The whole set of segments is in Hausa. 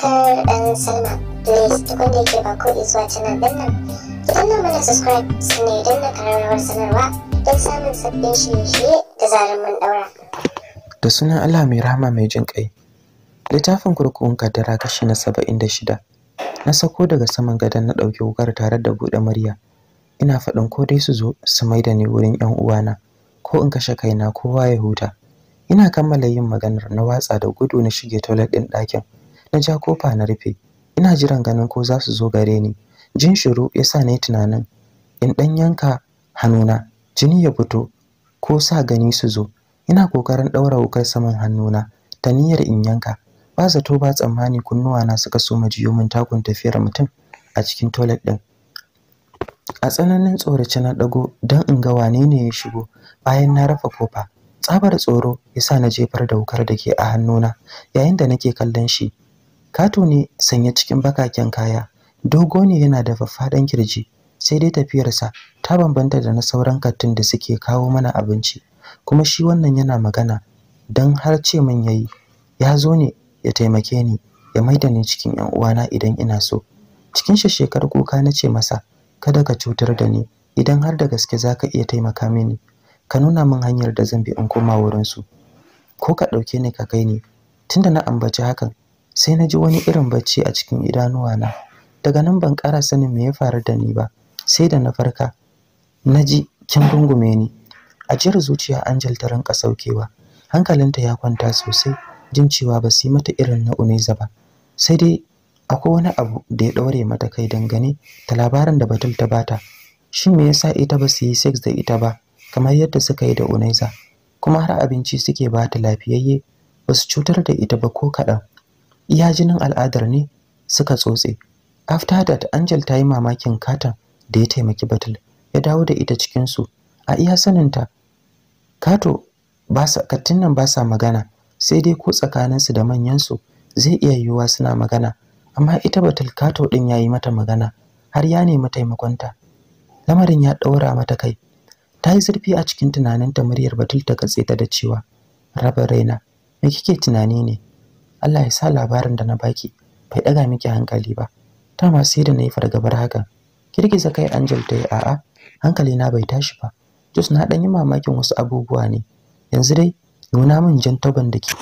subscribe and sign up. Please da yake ba ko subscribe sanarwa don samun sabbin da sunan Allah mai rahama mai jin kai. Littafin kurkukun kaddara kashi na saba'in da shida. Na sako daga saman gadon na ɗauki wukar tare da buɗe murya. Ina faɗin ko dai su zo su mai da ni wurin 'yan uwana ko in kashe kaina kowa ya huta. Ina kammala yin maganar na watsa da gudu na shige toilet ɗin ɗakin. na ja kofa na rufe ina jiran ganin ko za su zo gare ni jin shiru ya sa na yi tunanin in ɗan yanka hannuna jini ya fito ko sa gani su zo ina kokarin ɗaura wukar saman hannuna ta niyyar in yanka ba zato ba tsammani na suka so majiyo min takun tafiyar mutum a cikin toilet ɗin a tsananin tsoraci na ɗago don in ga wane ne ya shigo bayan na rafa kofa tsabar tsoro ya sa na jefar da wukar da ke a hannuna yayin da nake kallon shi kato ne sanye cikin bakaken kaya dogo ne yana da faffaɗan kirji sai dai tafiyarsa ta bambanta da na sauran kattun da suke kawo mana abinci kuma shi wannan yana magana don har ce min yayi ya zo ne ya taimake ni ya maida ni cikin yan uwana idan ina so cikin shi shekar kuka na ce masa kada ka cutar da ni idan har da gaske za ka iya taimaka mini ka nuna min hanyar da zan bi in koma wurinsu ko ka ɗauke ni ka kai ni tunda na ambaci hakan sai na ji wani irin bacci a cikin idanuwa na. daga nan ban ƙara sanin me ya faru da ni ba sai da na farka na ji kin rungume ni a jiyar zuciya angel ta rinka saukewa hankalinta ya kwanta sosai jin cewa ba su yi mata irin na uneza ba sai dai akwai wani abu da ya ɗaure mata kai dangane ta labarin da batul ta bata shin me yasa ita ba su yi sex da ita ba kamar yadda suka yi da uneza kuma har abinci suke ba ta lafiyayye ba su cutar da ita ba ko kaɗan iya jinin al'adar ne suka tsotse after that angel ta yi mamakin katon da ya taimaki batul ya dawo da ita cikinsu a iya saninta kato kattin nan ba sa magana sai dai ko tsakaninsu da manyansu zai iya yiwuwa suna magana amma ita batul kato ɗin yayi mata magana har ya nemi taimakonta lamarin ya ɗaura mata kai ta yi zurfi a cikin tunaninta muryar batul ta katse ta da cewa raba raina me kike tunani ne Allah ya sa labarin da na baki bai daga miki hankali ba ta ma sai da nayi fargabar hakan girgiza kai Angel ta yi a'a hankali na bai tashi ba Jus na dan yi mamakin wasu abubuwa ne yanzu dai nuna min jan da ke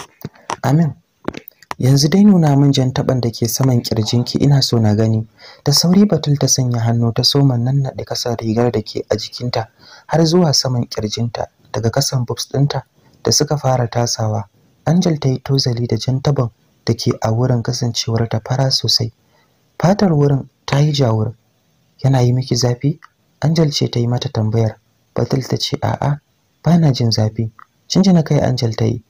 amin yanzu dai nuna min jan taban da ke saman kirjinki ina so na gani da sauri batul ta sanya hannu ta soman nan naɗe kasar rigar da ke a jikinta har zuwa saman kirjinta daga kasan bobs ɗinta da suka fara tasawa Angel ta yi tozali da jan tabon da ke a wurin kasancewar ta fara sosai. Fatar wurin ta yi jawur. Yana yi miki zafi? Angel ce ta yi mata tambayar. Batul ta ce a'a, ba na jin zafi. na kai Angel ta yi.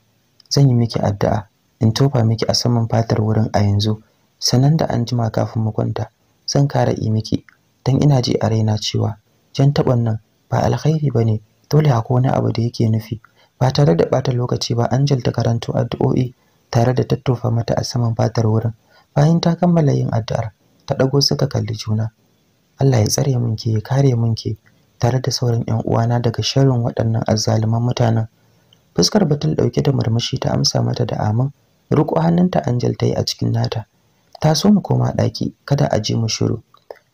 Zan yi miki addu'a in tofa miki a saman fatar wurin a yanzu. Sannan da an jima kafin mu kwanta, zan kara yi miki dan ina ji a raina cewa jan taɓon nan ba alkhairi ne. dole akwai wani abu da yake nufi ba tare da ɓata lokaci ba Angel ta karanto addu'o'i tare da tattofa mata a saman fatar wurin bayan ta kammala yin addu'ar ta ɗago suka kalli juna Allah ya tsare mun ke ya kare mun ke tare da sauran ƴan uwana daga sharrin waɗannan azzaluman mutanen fuskar batul ɗauke da murmushi ta amsa mata da amin riƙo hannunta Angel ta a cikin nata ta so mu koma ɗaki kada a je mu shiru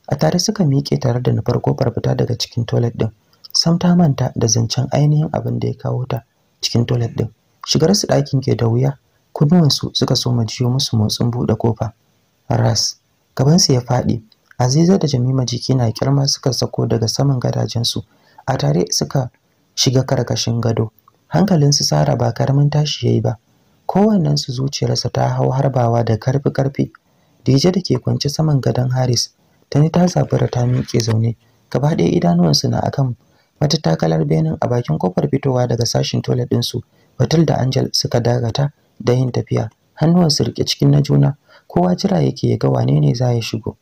a tare suka miƙe tare da na farko fita daga cikin toilet ɗin sam ta manta da zancen ainihin abin da ya kawo ta cikin toilet din shigar su ɗakin ke da wuya kunnuwan su suka soma jiyo musu motsin buɗe kofa ras gaban su ya faɗi aziza da jamima jiki na kirma suka sako daga saman gadajen su a tare suka shiga karkashin gado Hankalin su sara ba karamin tashi yayi ba su zuciyarsa ta hau harbawa da karfi karfi dije da ke kwance saman gadon haris tani ta zabura ta miƙe zaune gaba ɗaya idanuwansu na akan Wata takalar benin a bakin kofar fitowa daga sashin toilet dinsu Batul da Angel suka dagata da yin tafiya, hannuwan su rike cikin na juna, kowa jira yake ya ga wane ne za ya shigo.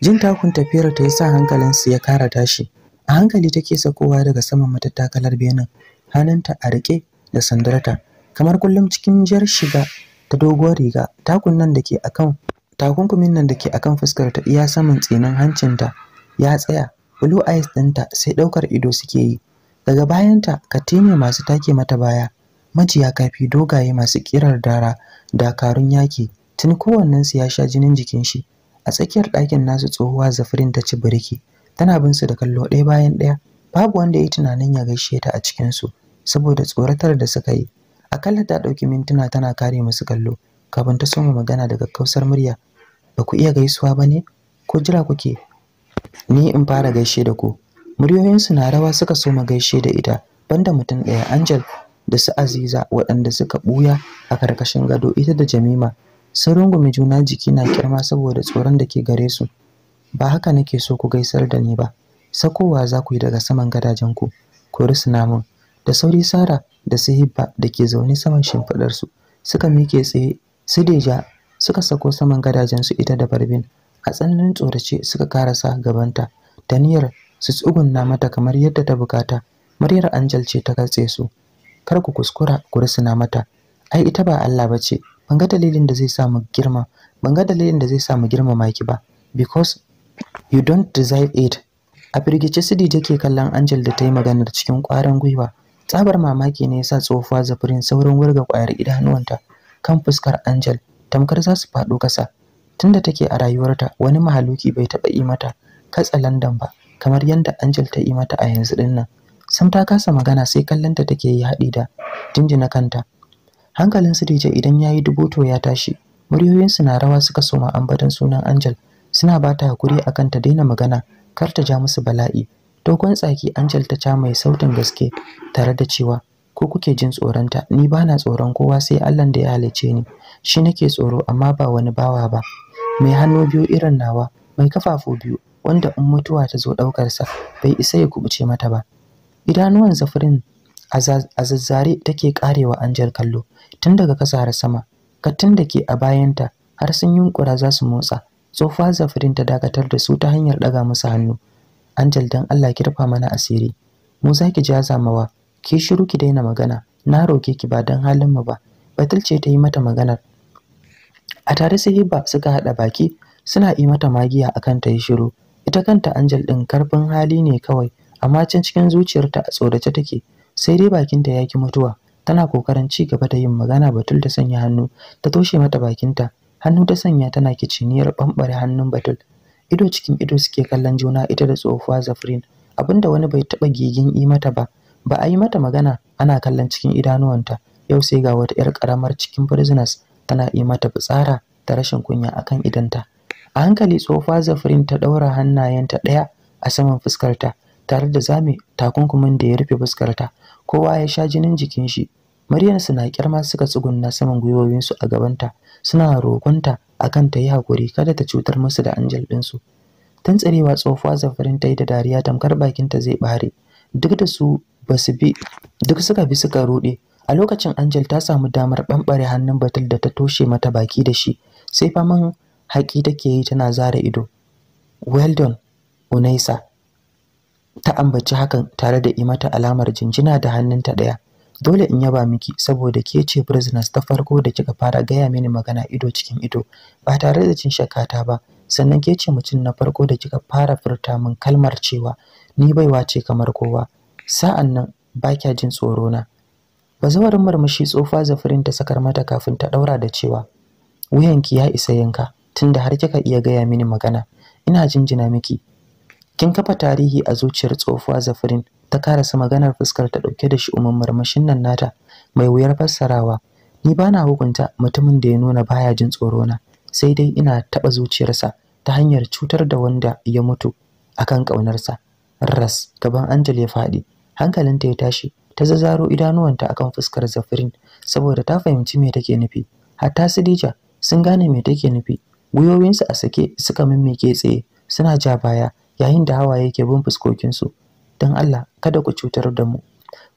Jin takun tafiyar ta yasa hankalinsu ya kara tashi. A hankali take sakowa daga saman matattakalar benin, hannunta a rike da sandarta, kamar kullum cikin jiyar shiga ta doguwar riga, takun nan da ke akan takunkumin nan da akan fuskar ta iya saman tsinin hancinta ya tsaya blue eyes ɗinta sai ɗaukar ido suke yi daga bayanta katine masu take mata baya majiya kafi dogaye masu kirar dara dakarun yaki tun su ya sha jinin jikin shi a tsakiyar ɗakin nasu tsohuwa zafirin ta ci birki tana bin su da kallo ɗaya bayan ɗaya babu wanda ya yi tunanin ya gaishe ta a cikinsu saboda tsoratar da suka yi akalla ta ɗauki mintuna tana kare musu kallo kafin ta soma magana daga kausar murya ba ku iya gaisuwa ba ne ko jira kuke ni in fara gaishe da ku muryoyinsu na rawa suka so ma gaishe da ita banda mutum ɗaya angel da su aziza waɗanda suka ɓuya a karkashin gado ita da jamima sun rungume juna jiki na kirma saboda tsoron da ke gare su ba haka nake so ku gaisar da ni ba sakowa za ku yi daga saman gadajen ku ku rusuna mun da sauri sara da su hibba da ke zaune saman shimfiɗarsu suka mike tsaye su deja suka sako saman gadajensu ita da barbin a tsananin tsorace suka karasa gabanta da niyyar su tsugunna mata kamar yadda ta bukata muryar angel ce ta katse su kar ku kuskura ku na mata ai ita ba Allah bace ban ga dalilin da zai sa mu girma ban ga dalilin da zai sa mu girmama ki ba because you don't deserve it a firgice sidi take kallon angel da ta yi maganar cikin ƙwarin gwiwa tsabar mamaki ne yasa tsofa zafirin saurin wurga ƙwayar idanuwanta kan fuskar angel tamkar za su faɗo ƙasa. tunda take a rayuwarta wani mahaluki bai taɓa yi mata katsalandan ba kamar yadda Angel ta yi mata a yanzu ɗin nan sam ta kasa magana sai kallonta take yi haɗi da jinjina kanta hankalin su DJ idan yayi dubuto ya tashi muryoyinsu na rawa suka soma ambaton sunan Angel suna bata hakuri akan ta daina magana kar ta ja musu bala'i dogon tsaki Angel ta ca mai sautin gaske tare da cewa ko kuke jin tsoronta ni bana tsoron kowa sai Allah da ya halice ni shi nake tsoro amma ba wani bawa ba mai hannu biyu irin nawa mai kafafu biyu wanda in mutuwa ta zo ɗaukarsa bai isa ya kubuce mata ba idanuwan zafirin a zazzare take karewa anjar kallo tun daga kasa sama kattun da ke a bayanta har sun yunkura za su motsa tsofa zafirin ta dakatar da su ta hanyar ɗaga musu hannu anjal dan allah ki rufa mana asiri mu za ki jaza mawa ki shiru ki daina magana na roke ki ba don halin mu ba batulce ta yi mata maganar a tare su hibba suka haɗa baki suna yi mata magiya akan ta yi shiru ita kanta angel ɗin karfin hali ne kawai amma can cikin zuciyarta a tsorace take sai dai bakinta ya ki mutuwa tana kokarin ci gaba da yin magana batul da sanya hannu ta toshe mata bakinta hannu ta sanya tana kiciniyar bambare hannun batul ido cikin ido suke kallon juna ita da tsohuwa zafrin abinda wani bai taba gigin yi mata ba ba a yi mata magana ana kallon cikin idanuwanta yau sai ga wata yar karamar cikin prisoners tana yi mata fitsara ta rashin kunya akan idanta a hankali tsofa zafirin ta ɗaura hannayenta ɗaya a saman fuskarta tare da zame takunkumin da ya rufe fuskarta kowa ya sha jinin jikin shi Maryam suna kyarma suka tsugunna saman gwiwowinsu a gabanta suna roƙonta akan ta yi haƙuri kada ta cutar musu da anjal ɗinsu tantsarewa tsofa zafirin ta yi da dariya tamkar bakinta zai ɓare duk da su ba su bi duk suka bi suka ruɗe a lokacin angel ta samu damar ɓamɓare hannun batul da ta toshe mata baki da shi sai faman haƙi take yi tana zara ido well done unaisa ta ambaci hakan tare da yi mata alamar jinjina da hannunta ɗaya dole in yaba miki saboda ke ce prisoners ta farko da kika fara gaya mini magana ido cikin ido ba tare da cin shakata ba sannan ke ce mutum na farko da kika fara furta min kalmar cewa ni baiwa ce kamar kowa sa'an nan ba kya jin tsoro na bazawarin marmashi tsofa zafirin ta sakar mata kafin ta daura da cewa wuyanki ya isa yanka tunda har kika iya gaya mini magana ina jinjina miki kin kafa tarihi a zuciyar tsofa zafirin ta karasa maganar fuskar ta dauke da shi umman marmashin nan nata mai wuyar fassarawa ni bana hukunta mutumin da ya nuna baya jin tsoro na sai dai ina taba zuciyarsa ta hanyar cutar da wanda ya mutu akan kaunarsa ras gaban Angel ya faɗi hankalinta ya tashi ta zazzaro idanuwanta akan fuskar Zafirin saboda ta fahimci me take nufi. Hatta Sidija sun gane me take nufi. wuyoyinsu a sake suka mimmike tsaye suna ja baya yayin da hawaye ke bin fuskokinsu. Don Allah kada ku cutar da mu.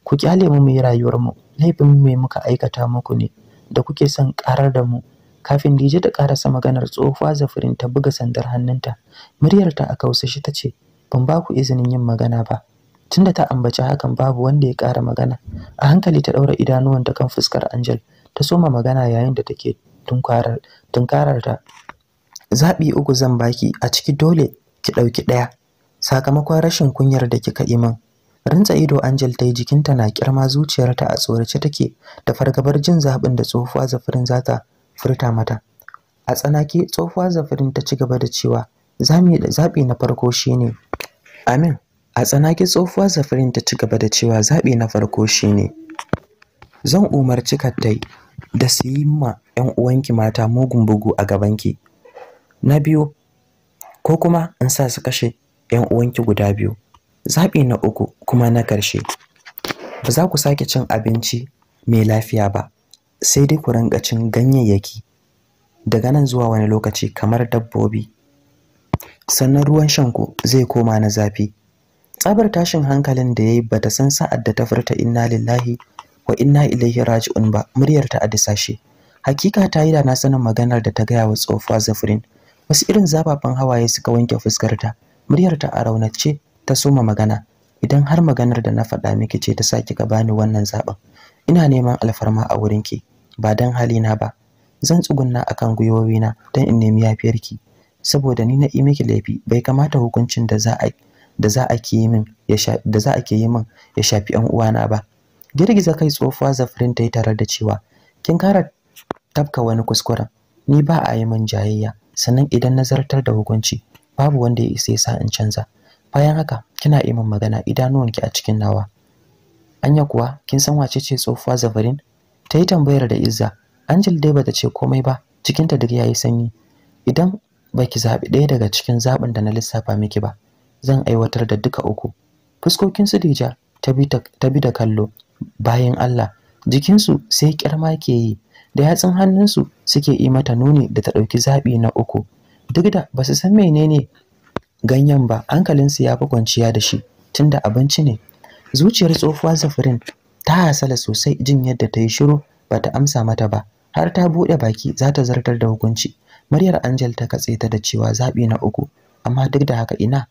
Ku kyale mu muyi rayuwar mu. Laifin me muka aikata muku ne da kuke son karar da mu. Kafin Dije ta karasa maganar tsofa Zafirin ta buga sandar hannunta. Muryarta a kausashe ta ce, "Ban ba ku izinin yin magana ba." tunda ta ambaci hakan babu wanda ya ƙara magana a hankali ta ɗaura idanuwanta kan fuskar Angel ta soma magana yayin da take tunkarar tunkarar ta zaɓi uku zan baki a ciki dole ki ɗauki ɗaya sakamakon rashin kunyar da kika yi min rintsa ido Angel ta yi jikinta na kirma zuciyarta a tsorace take da fargabar jin zaɓin da tsohuwa zafirin za ta furta mata a tsanake tsohuwa zafirin ta ci gaba da cewa zaɓi na farko shine amin a tsanaki tsofuwar zafirin ta ci gaba da cewa zaɓi na farko shi ne. zan umarci kattai da su yi ma 'yan uwanki mata mugun bugu a gabanki na biyu ko kuma in sa su kashe 'yan uwanki guda biyu zaɓi na uku kuma na ƙarshe ba za ku sake cin abinci mai lafiya ba sai dai ku rinƙa cin ganyayyaki daga nan zuwa wani lokaci kamar dabbobi sannan ruwan shanku zai koma na zafi tsabar tashin hankalin da ya yi ba ta san sa'ad da ta furta inna lillahi wa inna ilaihi raji'un ba muryar ta a disashe hakika ta yi da na sanin maganar da ta gaya wa tsofa zafirin wasu irin zababban hawaye suka wanke fuskarta muryar ta a raunace ta soma magana idan har maganar da na faɗa miki ce ta saki ka bani wannan zaɓin ina neman alfarma a wurin wurinki ba don na ba zan tsugunna akan gwiwowina don in nemi yafiyarki saboda ni na yi miki laifi bai kamata hukuncin da za a yi. da za a ke yi min ya da za shafi 'yan uwana ba girgiza kai tsofuwa zafirin ta yi tare da cewa kin kara tafka wani kuskuren ni ba a yi min jayayya sannan idan na zartar da hukunci babu wanda ya isa ya sa in canza bayan haka kina yi min magana idanuwanki a cikin nawa anya kuwa kin san wace ce tsofuwa zafirin ta yi tambayar da izza angel dai bata ce komai ba cikinta duk yayi sanyi idan baki zaɓi ɗaya daga cikin zaɓin da na lissafa miki ba zan aiwatar da duka uku fuskokin su Dija ta bi da kallo bayan Allah jikinsu sai kyarma ke yi da yatsun hannunsu suke yi mata nuni da ta ɗauki zaɓi na uku duk da ba su san menene ganyen ba hankalinsu ya fi kwanciya da shi tunda abinci ne zuciyar tsofuwa zafirin ta hasala sosai jin yadda ta yi shiru ba ta amsa mata ba har ta buɗe baki za ta zartar da hukunci muryar angel ta katse ta da cewa zaɓi na uku amma duk da haka ina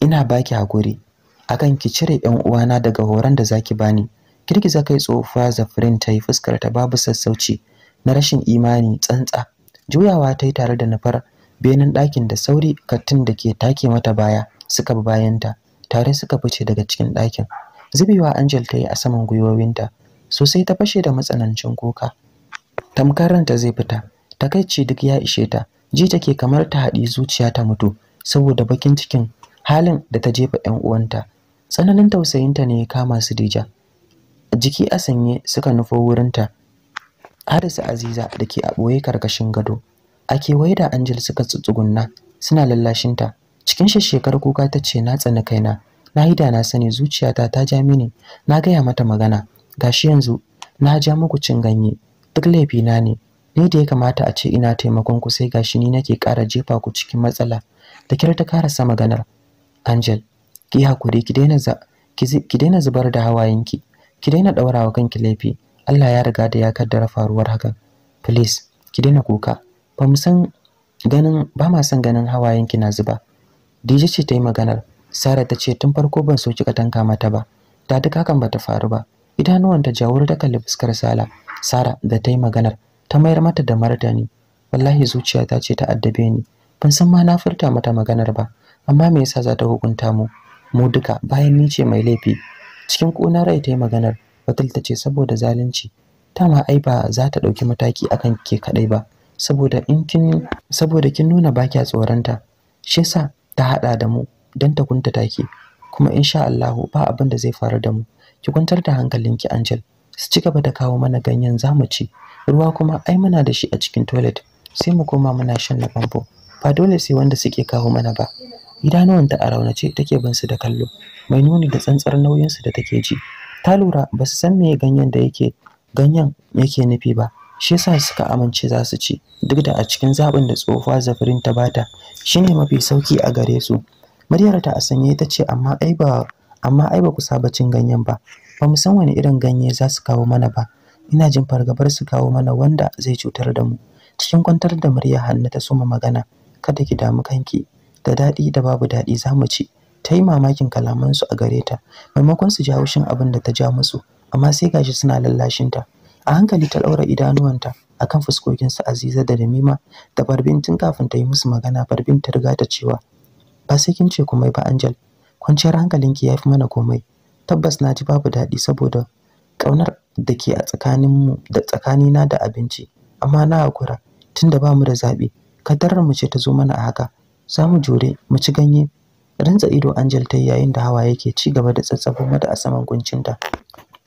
ina baki hakuri akan ki cire yan uwana daga horon da zaki bani girgiza kai tsofa zafrin ta yi fuskar ta babu sassauci na rashin imani tsantsa juyawa ta yi tare da nufar benin ɗakin da sauri kattun da ke take mata baya suka bi bayanta tare suka fice daga cikin ɗakin zubewa angel ta yi a saman gwiwowinta sosai ta fashe da matsanancin kuka tamkar ranta zai fita takaici duk ya ishe ta ji take kamar ta haɗi zuciya ta mutu saboda bakin cikin halin da ta jefa 'yan uwanta tsananin tausayinta ne ya kama su dija jiki a sanye suka nufo wurinta Harisu Aziza da ke a ɓoye karkashin gado a kewaye da Angel suka tsutsugunna suna lallashinta cikin shekar kuka ta ce na tsani kaina na yi da na sani zuciyata ta ja mini na gaya mata magana gashi yanzu na ja muku cin ganye duk laifina ne ni da ya kamata a ce ina taimakon ku sai gashi ni nake ƙara jefa ku cikin matsala da kyar ta karasa maganar Angel ki hakuri ki daina ki daina zubar da hawayenki ki daina daurawa kanki laifi Allah ya riga da ya kaddara faruwar hakan please ki daina kuka ba mu san ganin ba ma san ganin hawayenki na zuba DJ ce ta yi maganar Sara ta ce tun farko ban so kika tanka mata ba ta duk hakan bata faru ba ta jawur ta kalli fuskar Sala Sara da ta yi maganar ta mayar mata da martani wallahi zuciya ta ce ta addabe ni ban san ma na furta mata maganar ba amma me yasa za ta hukunta mu mu duka bayan ni ce mai laifi cikin ƙuna rai ta yi maganar batul ta ce saboda zalunci ta ma ai ba za ta ɗauki mataki akan ke kaɗai ba saboda in kin saboda kin nuna bakya tsoronta shi yasa ta haɗa da mu don ta kunta take kuma insha Allahu ba abin da zai faru da mu ki kwantar da hankalinki Angel su ci gaba da kawo mana ganyen zamu ci ruwa kuma ai muna da shi a cikin toilet sai mu koma muna shan na famfo ba dole sai wanda suke kawo mana ba idanuwanta a raunace take bin su da kallo mai nuni da tsantsar nauyin su da take ji ta lura ba su san meye ganyen da yake ganyen yake nufi ba shi yasa suka amince za su ci duk da a cikin zaɓin da tsofa zafirin ta bata shine mafi sauki a gare su muryar ta a sanye ta ce amma ai ba amma ai ba ku saba cin ganyen ba ba mu san wani irin ganye za su kawo mana ba ina jin fargabar su kawo mana wanda zai cutar da mu cikin kwantar da murya hannu ta suma magana kada ki damu kanki da daɗi da babu daɗi za mu ci ta yi mamakin kalamansu a gare ta maimakon su ja haushin abin da ta ja musu amma sai gashi suna lallashinta a hankali ta ɗaura idanuwanta akan fuskokinsu aziza da damima da barbintin kafin ta yi musu magana barbin ta riga ta cewa ba sai kin ce komai ba angel kwanciyar hankalinki ya fi mana komai tabbas na ji babu daɗi saboda ƙaunar da ke a tsakaninmu da tsakanina da abinci amma na hakura tunda ba mu da zaɓi kaddarar mu ce ta zo mana a haka za mu jure mu ci ganye rantsa ido angel ta yayin da hawa yake ci gaba da tsatsabo mata a saman ta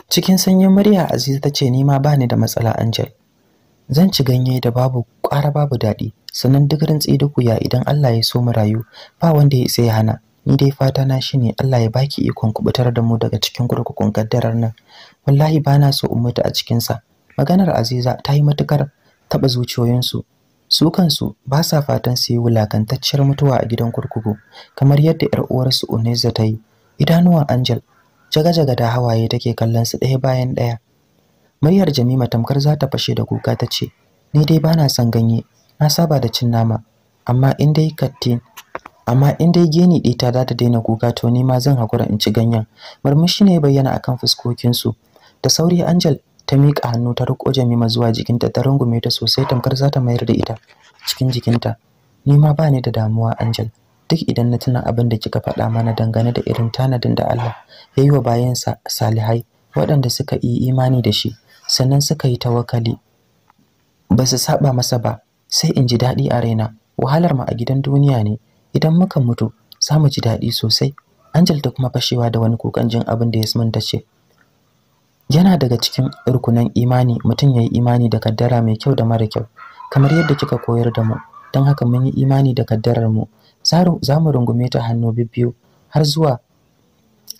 cikin sanyin murya aziz ta ce ni ma bani da matsala angel zan ci ganye da babu ƙwara babu daɗi sannan duk rantsi da ya, idan Allah ya so mu rayu ba wanda ya isa ya hana ni dai fata na ne Allah ya baki ikon kubutar da mu daga cikin kurkukun kaddarar nan wallahi bana so ummata a cikin sa maganar Aziza ta yi matukar taba zuciyoyinsu su kansu ba sa fatan su yi wulakantacciyar mutuwa a gidan kurkuku kamar yadda yar uwarsu Uneza ta yi idanuwan Angel jaga-jaga da hawaye take kallon su ɗaya bayan ɗaya muryar Jamima tamkar za ta fashe da kuka ta ce ni dai bana son ganye na saba da cin nama amma in dai kattin amma in dai geni ɗita za ta daina kuka to ni ma zan hakura in ci ganyen murmushi ne ya bayyana akan fuskokinsu da sauri Angel ta miƙa hannu ta riko Jamima zuwa jikinta ta rungume ta sosai tamkar za ta mayar da ita cikin jikinta ni ma ba ni da damuwa Angel duk idan na tuna abin da kika faɗa mana dangane da irin tanadin da Allah ya yi wa bayansa salihai waɗanda suka yi imani da shi sannan suka yi tawakali ba su saba masa ba sai in ji daɗi a raina wahalar mu a gidan duniya ne idan muka mutu za mu ji daɗi sosai Angel ta kuma fashewa da wani kukan jin abin da ya sumanta ce yana daga cikin rukunan imani mutum ya yi imani da kaddara mai kyau da mara kyau kamar yadda kika koyar da mu don haka mun yi imani da kaddarar mu za mu rungume ta hannu bibbiyu har zuwa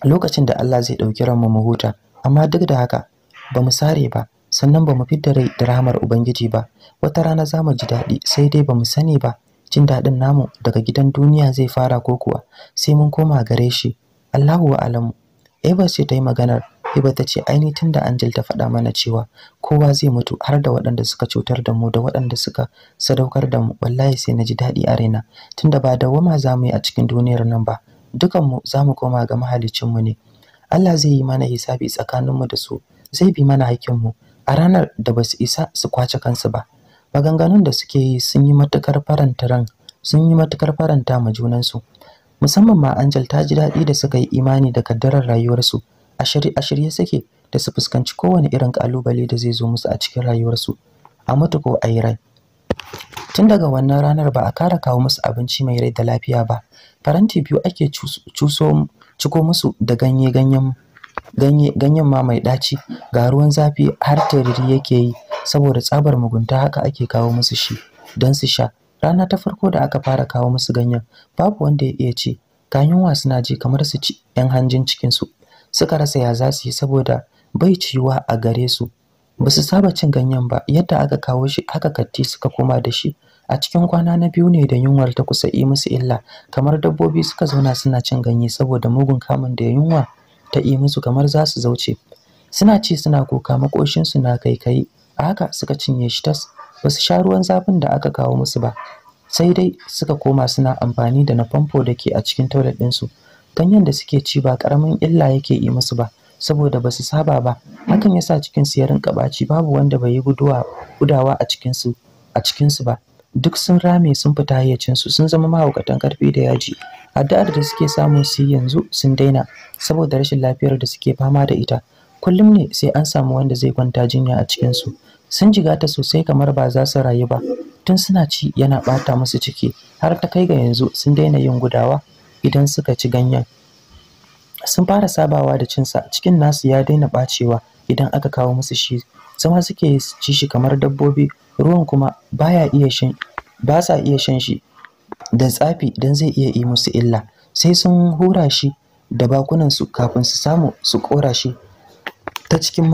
lokacin da Allah zai ɗauki ranmu mu huta amma duk da haka ba mu sare ba sannan ba mu fidda rai da rahamar ubangiji ba wata rana za mu ji daɗi sai dai ba mu sani ba jin daɗin namu daga gidan duniya zai fara ko kuwa sai mun koma gare shi Allahu wa alamu Eva ce ta yi maganar ba ta ce aini da Angel ta faɗa mana cewa kowa zai mutu har da waɗanda suka cutar da mu da waɗanda suka sadaukar da mu wallahi sai na ji daɗi a raina da ba wama za mu yi a cikin duniyar nan ba dukanmu za mu koma ga mahaliccinmu ne Allah zai yi mana hisabi tsakaninmu da su zai bi mana mu a ranar da ba su isa su kwace kansu ba maganganun da suke yi sun yi matukar faranta ran sun yi matukar faranta ma junansu musamman ma Angel ta ji daɗi da suka yi imani da kaddarar rayuwarsu a shirye suke da su fuskanci kowane irin kalubale da zai zo musu a cikin rayuwarsu a mutu ko a yi rai tun daga wannan ranar ba a kara kawo musu abinci mai rai da lafiya ba faranti biyu ake cuso ciko musu da ganye ganyen ganyen ma mai ɗaci ga ruwan zafi har tariri yake yi saboda tsabar mugunta haka ake kawo musu shi don su sha rana ta farko da aka fara kawo musu ganyen babu wanda ya iya ce ga yunwa suna ji kamar su ci 'yan hanjin cikinsu suka rasa ya za su yi saboda bai ciwa a gare su ba su saba cin ganyen ba yadda aka kawo shi haka katti suka koma da shi a cikin kwana na biyu ne da yunwar ta kusa yi musu illa kamar dabbobi suka zauna suna cin ganye saboda mugun kamun da yunwa ta yi musu kamar za su zauce suna ci suna kuka makoshinsu na kaikayi a haka suka cinye shi tas ba su sha ruwan zafin da aka kawo musu ba sai dai suka koma suna amfani da na famfo da ke a cikin toilet ɗinsu don yadda suke ci ba ƙaramin illa yake yi musu ba saboda ba su saba ba hakan yasa cikin su yarin kabaci babu wanda bai yi gudawa a cikin su a cikin su ba duk sun rame sun fita hayyacin su sun zama mahaukatan karfi da yaji addu'ar da suke samu su yanzu sun daina saboda rashin lafiyar da suke fama da ita kullum ne sai an samu wanda zai kwanta jinya a cikin su sun ta sosai kamar ba za su rayu ba tun suna ci yana ɓata musu ciki har ta kai ga yanzu sun daina yin gudawa idan suka ci ganyen sun fara sabawa da cinsa cikin nasu ya daina bacewa idan aka kawo musu shi zama suke ci shi kamar dabbobi ruwan kuma baya iya shan ba sa iya shan shi da tsafi don zai iya yi musu illa sai sun hura shi da bakunansu kafin su samu su kora shi ta cikin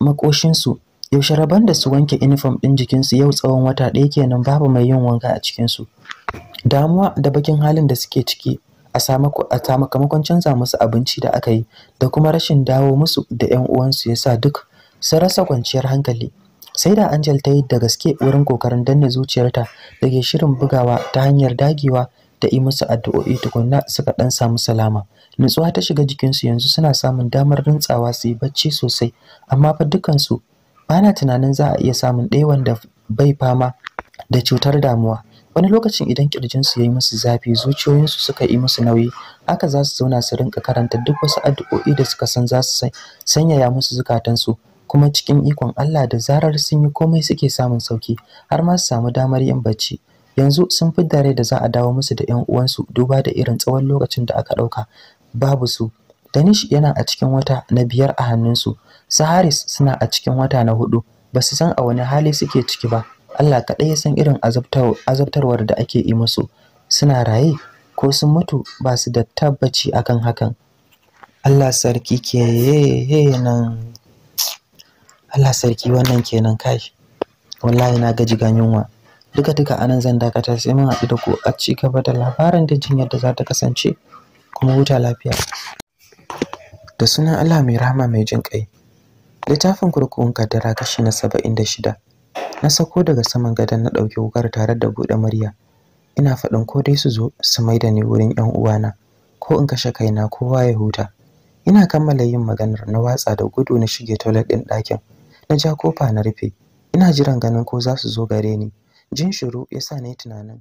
makoshinsu yaushe rabon da su wanke inifom ɗin jikinsu yau tsawon wata ɗaya kenan babu mai yin wanka a cikinsu damuwa da bakin halin da suke ciki a sakamakon canza musu abinci da aka yi da kuma rashin dawo musu da 'yan uwansu ya sa duk sun rasa kwanciyar hankali sai da Angel ta yi da gaske wurin kokarin danne zuciyarta da ke shirin bugawa ta hanyar dagewa da yi musu addu'o'i tukunna suka dan samu salama nutsuwa ta shiga jikinsu yanzu suna samun damar rintsawa su yi bacci sosai amma fa dukansu ba na tunanin za a iya samun ɗaya wanda bai fama da cutar damuwa wani lokacin idan ƙirjinsu ya yi musu zafi zuciyoyinsu suka yi musu nauyi aka za su zauna su rinka karanta duk wasu addu'o'i da suka san za su sanyaya musu zukatansu kuma cikin ikon Allah da zarar sun yi komai suke samun sauki har ma su samu damar yin bacci yanzu sun fi dare da za a dawo musu da ƴan uwansu duba da irin tsawon lokacin da aka ɗauka babu su Danish yana a cikin wata na biyar a hannunsu Saharis suna a cikin wata na hudu ba su san a wani hali suke ciki ba Allah kaɗai ya san irin azabtarwar da ake yi musu suna raye ko sun mutu ba su da tabbaci akan hakan Allah sarki ke nan Allah sarki wannan kenan kai wallahi na gaji gan yunwa duka duka anan zan dakata sai mun haɗu da ku a ci da labarin da jin yadda za ta kasance kuma huta lafiya da sunan Allah mai rahama mai jin kai littafin kurkukun kaddara kashi na saba'in da shida na sako daga saman gadon na ɗauki wukar tare da buɗe murya ina faɗin ko dai su zo su mai da ni wurin 'yan uwana ko in kashe kaina kowa ya huta ina kammala yin maganar na watsa da gudu na shige toilet ɗin ɗakin na ja kofa na rufe ina jiran ganin ko za su zo gare ni jin shiru yasa na yi tunanin